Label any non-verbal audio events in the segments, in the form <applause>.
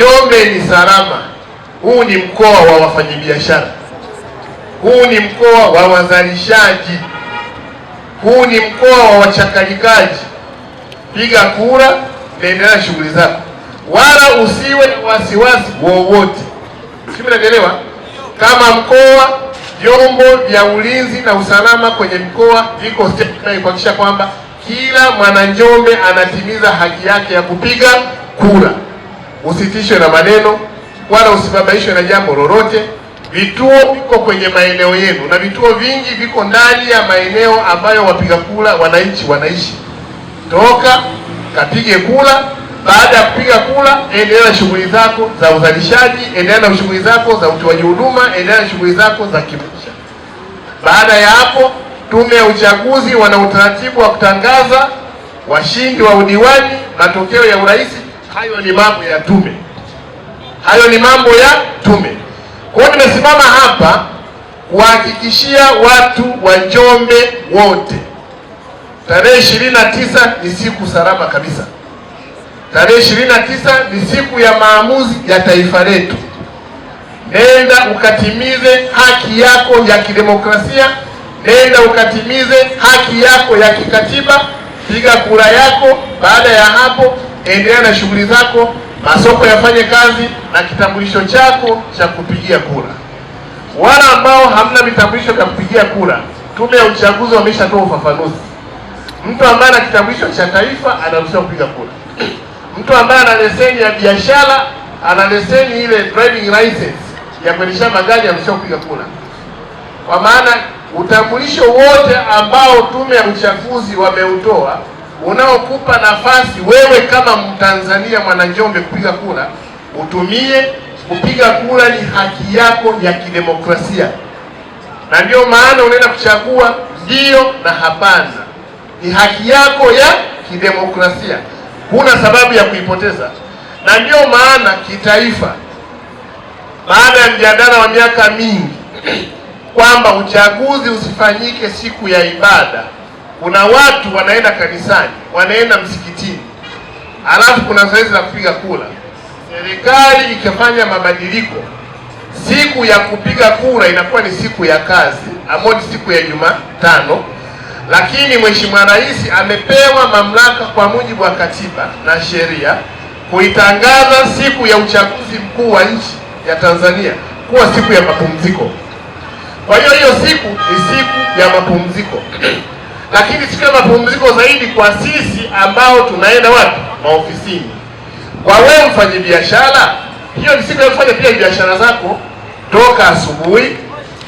Njombe ni salama. Huu ni mkoa wa wafanyabiashara, huu ni mkoa wa wazalishaji, huu ni mkoa wa wachakalikaji. Piga kura, naendelea shughuli zako, wala usiwe na wasiwasi wowote. mnaelewa? kama mkoa, vyombo vya ulinzi na usalama kwenye mkoa viko step kuhakikisha kwamba kila mwananjombe anatimiza haki yake ya kupiga kura usitishwe na maneno wala usibabaishwe na jambo lolote. Vituo viko kwenye maeneo yenu na vituo vingi viko ndani ya maeneo ambayo wapiga kura wananchi wanaishi. Toka kapige kura. Baada ya kupiga kura, endelea na shughuli zako za uzalishaji, endelea na shughuli zako za utoaji huduma, endelea na shughuli zako za kimaisha. Baada ya hapo, tume ya uchaguzi wana utaratibu wa kutangaza washindi wa udiwani, matokeo ya urais hayo ni mambo ya tume, hayo ni mambo ya tume. Kwa hiyo nimesimama hapa kuhakikishia watu wa Njombe wote, tarehe ishirini na tisa ni siku salama kabisa. Tarehe ishirini na tisa ni siku ya maamuzi ya taifa letu. Nenda ukatimize haki yako ya kidemokrasia, nenda ukatimize haki yako ya kikatiba, piga kura yako. Baada ya hapo endelea na shughuli zako, masoko yafanye kazi na kitambulisho chako cha kupigia kura. Wala ambao hamna vitambulisho vya kupigia kura, tume ya uchaguzi wameshatoa ufafanuzi. Mtu ambaye ana kitambulisho cha taifa anaruhusiwa kupiga kura. Mtu ambaye ana leseni ya biashara, ana leseni ile driving license ya kuendesha magari, anaruhusiwa kupiga kura, kwa maana utambulisho wote ambao tume ya uchaguzi wameutoa unaokupa nafasi wewe kama Mtanzania mwananjombe kupiga kura, utumie kupiga kura. Ni haki yako ya kidemokrasia, na ndiyo maana unaenda kuchagua ndio na hapana. Ni haki yako ya kidemokrasia, huna sababu ya kuipoteza. Na ndiyo maana kitaifa, baada ya mjadala wa miaka mingi <clears throat> kwamba uchaguzi usifanyike siku ya ibada kuna watu wanaenda kanisani, wanaenda msikitini, alafu kuna zoezi la kupiga kura. Serikali ikifanya mabadiliko, siku ya kupiga kura inakuwa ni siku ya kazi, ambayo ni siku ya Jumatano, lakini Mheshimiwa Rais amepewa mamlaka kwa mujibu wa katiba na sheria kuitangaza siku ya uchaguzi mkuu wa nchi ya Tanzania kuwa siku ya mapumziko. Kwa hiyo hiyo siku ni siku ya mapumziko <clears throat> lakini siku ya mapumziko zaidi kwa sisi ambao tunaenda wapi? Maofisini. Kwa wewe mfanye biashara, hiyo ni siku ya kufanya pia biashara zako. Toka asubuhi,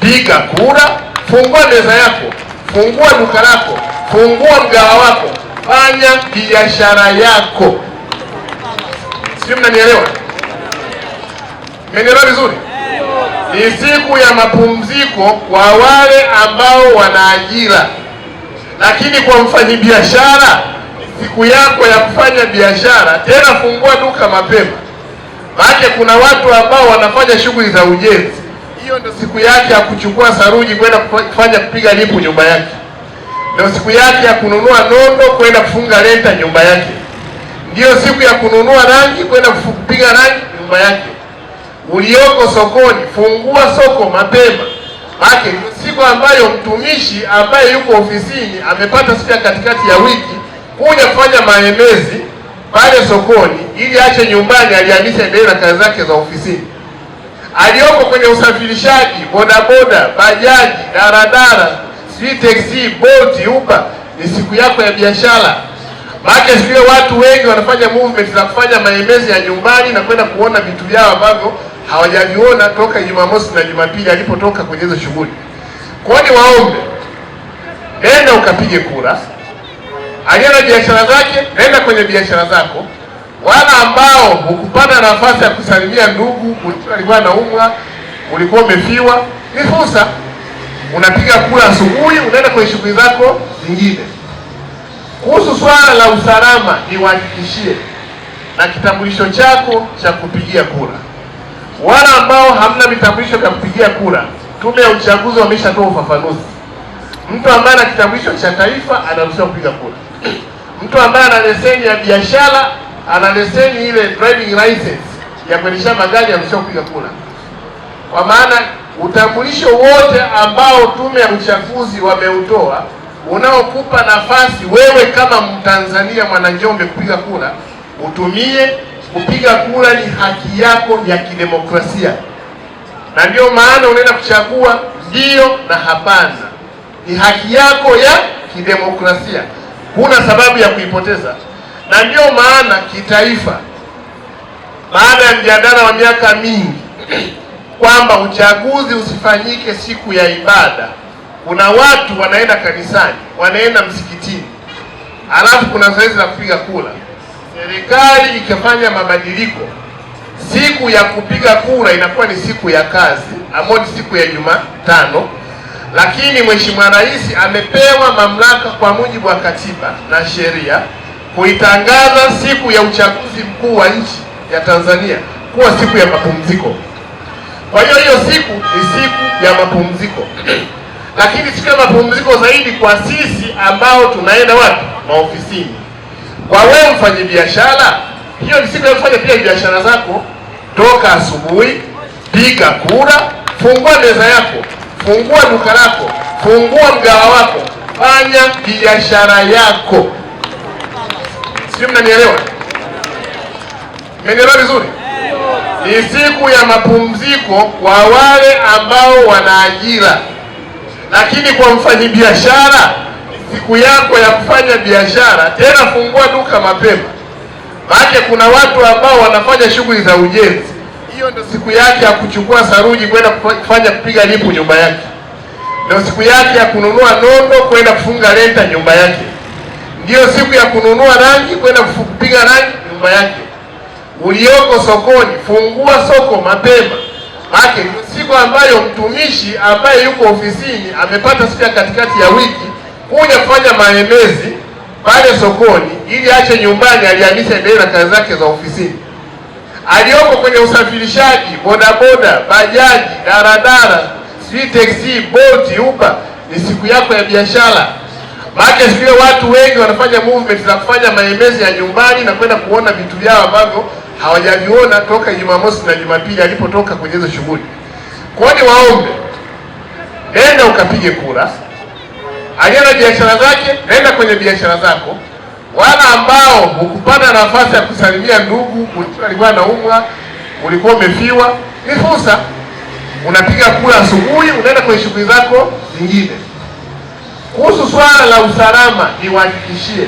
piga kura, fungua meza yako, fungua duka lako, fungua mgawa wako, fanya biashara yako. Sijui mnanielewa? Mmenielewa vizuri? Ni siku ya mapumziko kwa wale ambao wana ajira. Lakini kwa mfanyibiashara siku yako ya kufanya biashara tena, fungua duka mapema, maana kuna watu ambao wanafanya shughuli za ujenzi. Hiyo ndio siku yake ya kuchukua saruji kwenda kufanya kupiga lipu nyumba yake, ndio siku yake ya kununua nondo kwenda kufunga lenta nyumba yake, ndiyo siku ya kununua rangi kwenda kupiga rangi nyumba yake. Ulioko sokoni, fungua soko mapema. Maana siku ambayo mtumishi ambaye yuko ofisini amepata siku ya katikati ya wiki kuja kufanya maemezi pale sokoni, ili ache nyumbani, aliamisha endelee na kazi zake za ofisini. Aliyoko kwenye usafirishaji, bodaboda, bajaji, daradara, si taxi, boti, upa, ni siku yako ya biashara. Maana siku watu wengi wanafanya movement za kufanya maemezi ya nyumbani na kwenda kuona vitu vyao ambavyo hawajaviona toka Jumamosi na Jumapili alipotoka kwenye hizo shughuli. Kwa ni waombe enda ukapige kura. Aliye na biashara zake, enda kwenye biashara zako. Wala ambao hukupata nafasi ya kusalimia ndugu, alikuwa anaumwa, ulikuwa umefiwa, ni fursa. Unapiga kura asubuhi, unaenda kwenye shughuli zako zingine. Kuhusu swala la usalama, niwahakikishie na kitambulisho chako cha kupigia kura wala ambao hamna vitambulisho vya kupigia kura. Tume ya uchaguzi wameshatoa ufafanuzi. Mtu ambaye ana kitambulisho cha taifa anaruhusiwa kupiga kura. Mtu ambaye ana leseni ya biashara, ana leseni ile driving license ya kuendesha magari, anaruhusiwa kupiga kura, kwa maana utambulisho wote ambao tume ya uchaguzi wameutoa unaokupa nafasi wewe kama Mtanzania mwananjombe kupiga kura utumie Kupiga kura ni haki yako ya kidemokrasia, na ndio maana unaenda kuchagua ndio na hapana. Ni haki yako ya kidemokrasia, huna sababu ya kuipoteza. Na ndio maana kitaifa, baada ya mjadala wa miaka mingi <clears throat> kwamba uchaguzi usifanyike siku ya ibada, kuna watu wanaenda kanisani, wanaenda msikitini, alafu kuna zoezi la kupiga kura serikali ikifanya mabadiliko, siku ya kupiga kura inakuwa ni siku ya kazi ambayo ni siku ya Jumatano, lakini Mheshimiwa Rais amepewa mamlaka kwa mujibu wa katiba na sheria kuitangaza siku ya uchaguzi mkuu wa nchi ya Tanzania kuwa siku ya mapumziko. Kwa hiyo hiyo siku ni siku ya mapumziko <clears throat> lakini siku ya mapumziko zaidi kwa sisi ambao tunaenda wapi? Maofisini. Kwa wewe mfanye biashara hiyo, ni siku sivyofanya pia biashara zako, toka asubuhi, piga kura, fungua meza yako, fungua duka lako, fungua mgawa wako, fanya biashara yako. Sijui mnanielewa? Mmenielewa vizuri? Ni siku ya mapumziko kwa wale ambao wana ajira, lakini kwa mfanyibiashara siku yako ya kufanya biashara, tena fungua duka mapema, maana kuna watu ambao wanafanya shughuli za ujenzi. Hiyo ndio siku yake ya kuchukua saruji kwenda kufanya kupiga lipu nyumba yake, ndio siku yake ya kununua nondo kwenda kufunga lenta nyumba yake, ndiyo siku ya kununua rangi kwenda kupiga rangi nyumba yake. Ulioko sokoni, fungua soko mapema, maana siku ambayo mtumishi ambaye yuko ofisini amepata siku ya katikati ya wiki kuja kufanya maemezi pale sokoni, ili ache nyumbani, alihamisha endelee na kazi zake za ofisini. Aliyoko kwenye usafirishaji, bodaboda, bajaji, daradara, si taxi, Bolt, uba ni siku yako ya biashara. Maana siku watu wengi wanafanya movement za kufanya maemezi ya nyumbani na kwenda kuona vitu vyao ambavyo hawajaviona toka Jumamosi na Jumapili alipotoka kwenye hizo shughuli. Kwa waombe niwaombe, nenda ukapige kura aliye na biashara zake, nenda kwenye biashara zako. Wala ambao hukupata nafasi ya kusalimia ndugu, alikuwa anaumwa, ulikuwa umefiwa, ni fursa. Unapiga kula asubuhi, unaenda kwenye shughuli zako zingine. Kuhusu swala la usalama, niwahakikishie